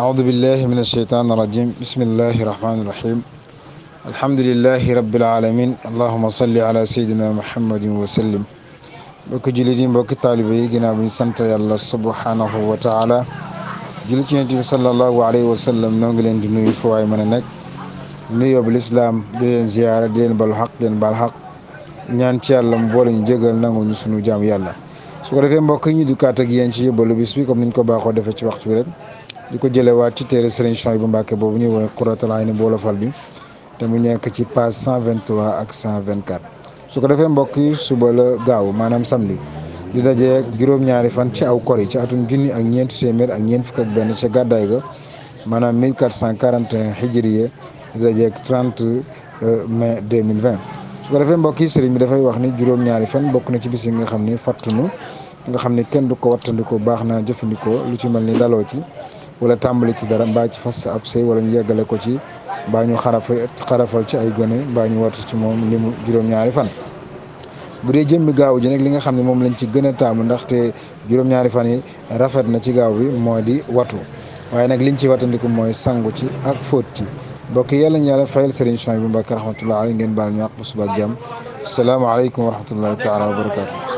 أعوذ بالله من الشيطان الرجيم بسم الله الرحمن الرحيم الحمد لله رب العالمين اللهم صل على سيدنا محمد وسلم mbokki jullit yi mbokki taalibe yi ginnaaw bi ñu sant yàlla subhanahu wa taala julli ci yonent bi sallallahu alayhi wa sallam noo ngi leen di nuyu fu waay mën a nekk nuyoo bi lislaam di leen ziyaara di leen balu xaq di leen baal xaq ñaan ci yàlla mu boole ñu jégal nangu ñu sunu jaam yàlla su ko defee mbokk yi ñu dukkaat ak yéen ci yóbbalu bis bi comme niñ ko baaxoo defee ci waxtu bi rek di ko waat ci téere Serigne Souhaïbou Mbacké boobu ñuy woowee Qurratul Ayni boolofal bi te mu nekk ci page 123 ak 124 su ko defee mbokk yi suba la gaaw maanaam samedi di dajee juróom-ñaari fan ci aw kor ci atum junni ak ñeent téeméer ak ñeent fukk ak benn ci gàddaay ga maanaam 1441 hijriye di dajee 30 euh, mai 2020 su ko defee mbokk yi sëriñ bi dafay wax ni juróom-ñaari fan bokk na ci bis yi nga xam ni fàttunu nga xam ni kenn du ko wattandikoo baax naa jëfandikoo lu ci mel ni daloo ci wala tàmbali ci dara mbaa ci fas ab sëy wala ñu yeggale ko ci mbaa ñu xarafa xarafal ci ay gone mbaa ñu wattu ci moom limu juróom-ñaari fan bu dee jëmmi gaaw ji nag li nga xam ne moom lañ ci gën a taamu ndaxte juróom-ñaari fan yi rafet na ci gaaw bi moo di watu waaye nag liñ ci watandiku mooy sangu ci ak fóot ci mbokk yàlla ñu yàlla fayal sëriñ Souhaïbou Mbacké rahmatullah alayhi ngeen baal ñu àq bu suba ak jàmm salaamaaleykum wa rahmatullahi taala wa barakaatu